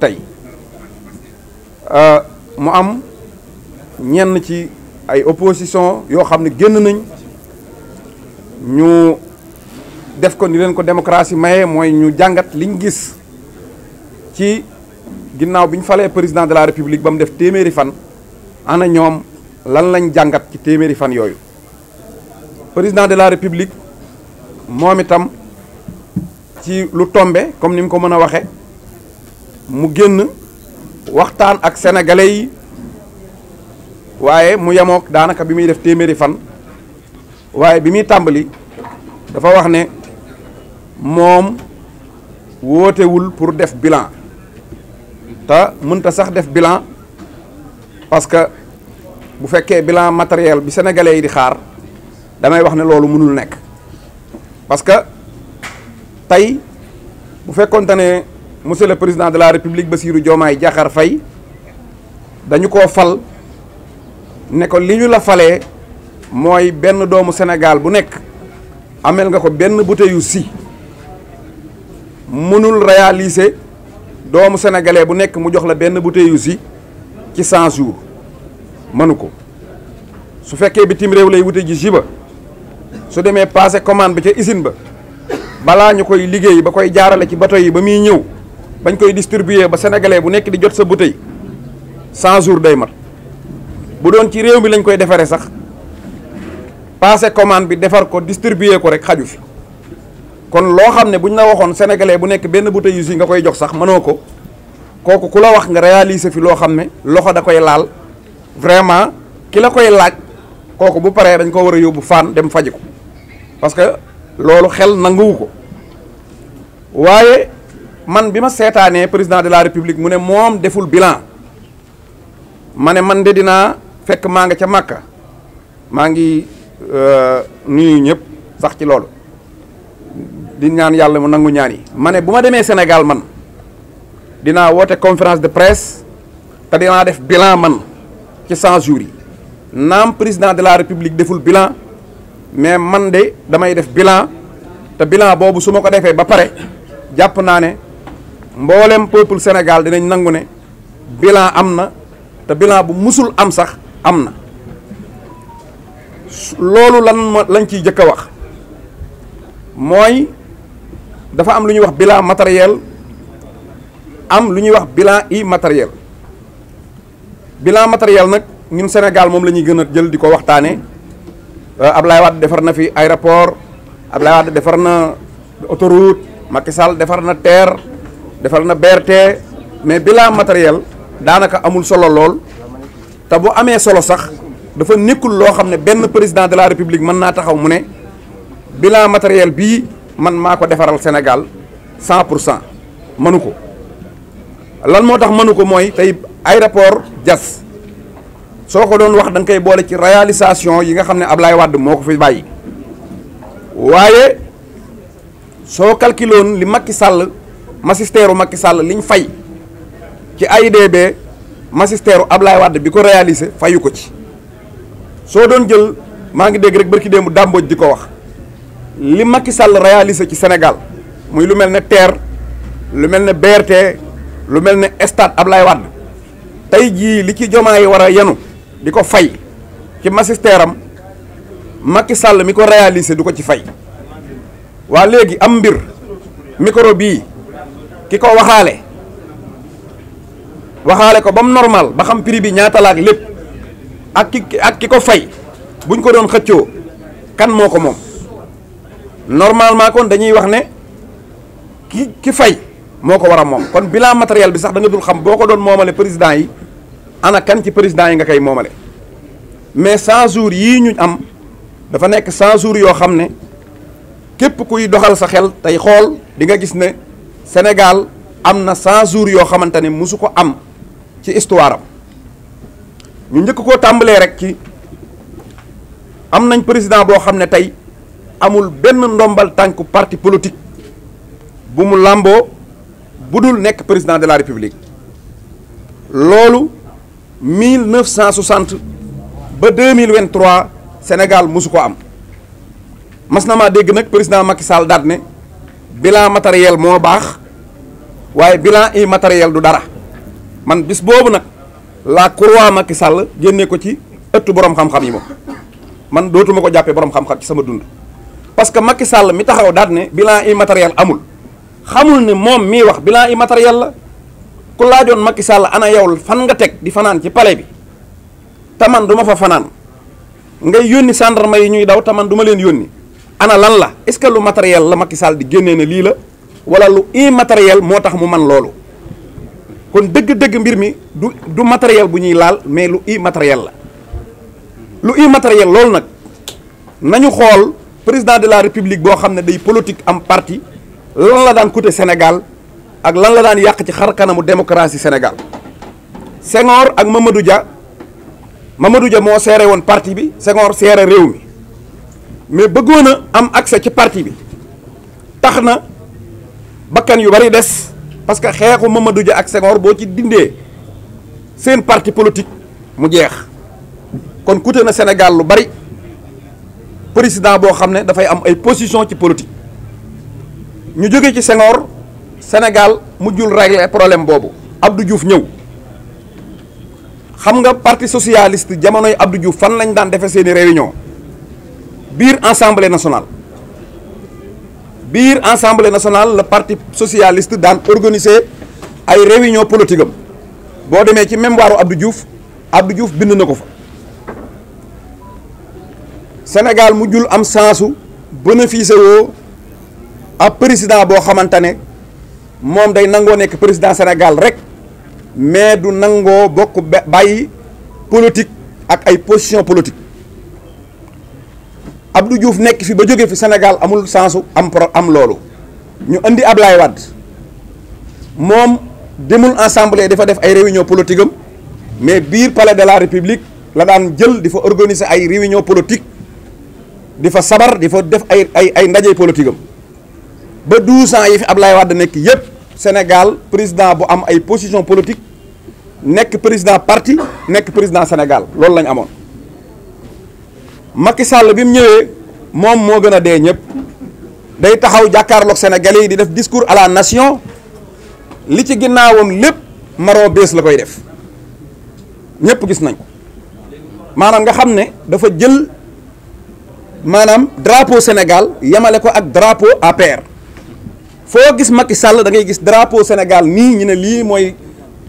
tey euh, mu am ñenn ci ay opposition yoo xam ne génn nañ ñu def ko ni leen ko démocratie maye mooy ñu jàngat liñ gis ci ginnaaw bi ñu falee président de la république ba mu def téeméeri fan ana ñoom lan lañ jàngat ci téeméeri fan yooyu président de la république moom itam ci lu tombe comme ni mu ko mën a waxe mu génn waxtaan ak sénégalais yi waaye mu yemook daanaka bi muy def téeméeri fan waaye bi muy tàmbali dafa wax ne moom wootewul pour def bilan te mënta sax def bilan parce que bu fekkee bilan matériel bi sénégalais yi di xaar damay wax ne loolu mënul nekk parce que tey bu fekkonte ne monsieur le président de la république Bassirou joomaay Diakhar Faye dañu ko fal ne ko li ñu la falee mooy benn doomu Sénégal bu nekk ameel nga ko benn bouteille yu si mënul réaliser doomu sénégalais bu nekk mu jox la benn bouteille yu si ci 100 jours mënu ko su fekkee bitim réew lay wute ji jiba su demee passé commande bi ca usine ba balaa ñu koy liggéey ba koy jaarale ci bato yi ba muy ñëw bañ koy distribuer ba sénégalais bu nekk di jot sa bouteille cent jours day mat bu doon ci réew mi lañ koy defaree sax passé commande bi defar ko distribuer ko rek xaju fi kon loo xam ne buñ la waxoon sénégalais bu nekk benn bouteille yu nga koy jox sax mënoo ko kooku ku la wax nga réaliser fi loo xam ne loxo da koy laal vraiment ki la koy laaj kooku bu paree dañ koo war a yóbbu faan dem faji ko parce que loolu xel nanguwu ko waaye man bi ma seetaanee président de la république mu ne moom deful bilan ma ne man de dinaa fekk maa nga ca màkka maa ngi euh, nuyu ñëpp sax ci loolu di ñaan yàlla mu nangu ñaan yi ma ne bu ma demee Sénégal man dinaa woote conférence de presse te dinaa def bilan man ci 100 jours yi naam président de la république deful bilan mais man de damay def bilan te bilan boobu su ma ko defee ba pare jàpp naa ne mboolem peuple Sénégal dinañ nangu ne bilan am na te bilan bu musul am sax am na loolu lan ma lañ ciy jëkk a wax mooy dafa am lu ñuy wax bilan matériel am lu ñuy wax bilan matériel bilan matériel nag ñun Sénégal moom la ñuy gën a jël di ko waxtaanee euh, Ablaye Wade defar na fi aéroport Ablaye Wade defar na autoroute Macky defar na terre. defal na BRT mais bilan matériel daanaka amul solo lool te bu amee solo sax dafa nekkul loo xam ne benn président de la république mën naa taxaw mu ne bilan matériel bii man maa ko defaral Sénégal cent pour cent mënu ko lan moo tax mënu ko mooy tey aéroport jas soo ko doon wax da koy boole ci réalisation yi nga xam ne ab lay wàdd moo ko fi bàyyi waaye soo calculé woon li Macky Sall magistère u Macky Sall liñ fay ci AIBD magistère u Ablaye Wade bi ko réalisé fayu ko ci soo doon jël maa ngi dégg rek barki démb dàmbooj di ko wax li Macky Sall réalisé ci senegal muy lu mel ne TER lu mel ne BRT lu mel ne stade Ablaye Wade tey jii li ci jomaa yi war a yenu di ko fay ci magistère am Macky Sall mi ko réalisé du ko ci fay waa léegi am mbir micro bii ki ko waxaale waxaale ko ba mu normal ba xam prix bi ñaata la lépp ak ki ak ki ko fay buñ ko doon xëccoo kan moo ko moom normalement kon dañuy wax ne ki ki fay moo ko war a moom kon bilan matériel bi sax da nga dul xam boo ko doon moomale président yi ana kan ci président yi nga koy moomale mais 100 jours yii ñu am dafa nekk 100 jours yoo xam ne képp kuy doxal sa xel tey xool di nga gis ne. Sénégal am na 100 jours yoo xamante ne mosu ko am ci histoire am ñu njëkk koo tàmbalee rek ci am nañ président boo xam ne tey amul benn ndombal tànk parti politique bu mu làmboo bu dul nekk président de la république loolu 1960 ba 2023 Sénégal mosu ko am mas na maa dégg nag président Macky Sall daat ne bilan matériel moo baax waaye bilan immatériel du dara man bis boobu nag la croix Macky sàll génnee ko ci ëttu borom xam-xam yi moom man dootuma ko jàppee borom xam-xam ci sama dund. parce que Macky Sall mi taxaw daat ne bilan immatériel amul xamul ne moom mii wax bilan immatériel la ku laajoon Macky sàll ana yow fan nga teg di fanaan ci palais bi te man du ma fa fanaan ngay yónni gendarme yi ñuy daw te man du leen yónni ana lan la est-ce que matériel la Macky Sall di génnee ne lii la. wala lu immatériel moo tax mu man loolu kon dëgg-dëgg mbir mi du du matériel bu ñuy laal mais lu immatériel la lu immatériel loolu nag nañu xool président de la république boo xam ne day politique am parti lan la daan coûter Sénégal ak lan la daan yàq ci xar kanamu démocratie Sénégal Senghor ak Mamadou Dia Mamadou ja moo seere woon parti bi Senghor seere réew mi mais bëggoon a am accès ci parti bi tax na bakkan yu bari des parce que xeexu Mamadou Dia ak Senghor boo ci dindee seen parti politique mu jeex kon coûté na Sénégal lu bari président boo xam ne dafay am ay position ci politique ñu jóge ci Senghor Sénégal mujjul régler problème boobu Abdou juuf ñëw xam nga parti socialiste jamonoy abdu Diouf fan lañ daan defee seeni réunion biir assemblée national biir assemblée nationale le parti socialiste daan organiser ay réunion politique boo demee ci mémoire Abdou Diouf Abdou Diouf bind na ko fa Sénégal mu jul am sansu bénéficier woo ab président boo xamante ne moom day nangoo nekk président Sénégal rek mais du nangoo bokk bàyyi politique ak ay position politique Abdou Diouf nekk fi ba jóge fi Sénégal amul sensu am pro am loolu ñu indi Ablaye Wade moom demul assemblée dafa def ay réunion politique am mais biir palais de la république la daan jël di fa organiser ay réunion politique di fa sabar di fa def ay ay ay ndaje politique am ba 12 ans yi fi Ablaye Wade nekk yépp Sénégal président bu am ay position politique nekk président parti nekk président Sénégal loolu lañ amoon Macky sàll bi mu ñëwee moom moo gën a dee ñëpp day taxaw jàkkaarloog Sénégalais yi di def discours à la nation li ci ginnaawam lépp maro bees la koy def ñëpp gis nañ ko maanaam nga xam ne dafa jël maanaam drapeau Sénégal yemale ko ak drapeau APR foo gis Macky sàll da ngay gis drapeau Sénégal nii ñu ne lii mooy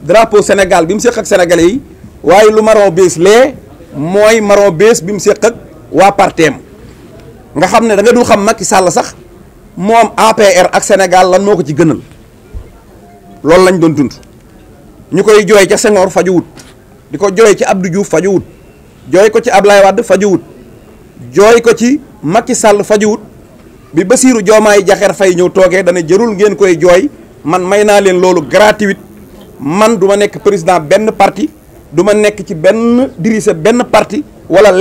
drapeau Sénégal bi mu séq ak sénégalais yi waaye lu maro bees lee mooy maro bees bi mu séq ak waa parteem nga xam ne da nga dul xam Macky sàll sax moom APR ak Sénégal lan moo ko ci gënal loolu lañ doon dund ñu koy jooy ca Senghor fajuwut di ko jooy ci Abdou Diouf fajuwut jooy ko ci Ablaye Wade fajuwut jooy ko ci Macky Sall fajuwut bi Bassirou Diomaye Diakhar Faye ñëw toogee dana jërul ngeen koy jooy man may naa leen loolu gratuit man du ma nekk président benn parti du ma nekk ci benn diriger benn parti wala.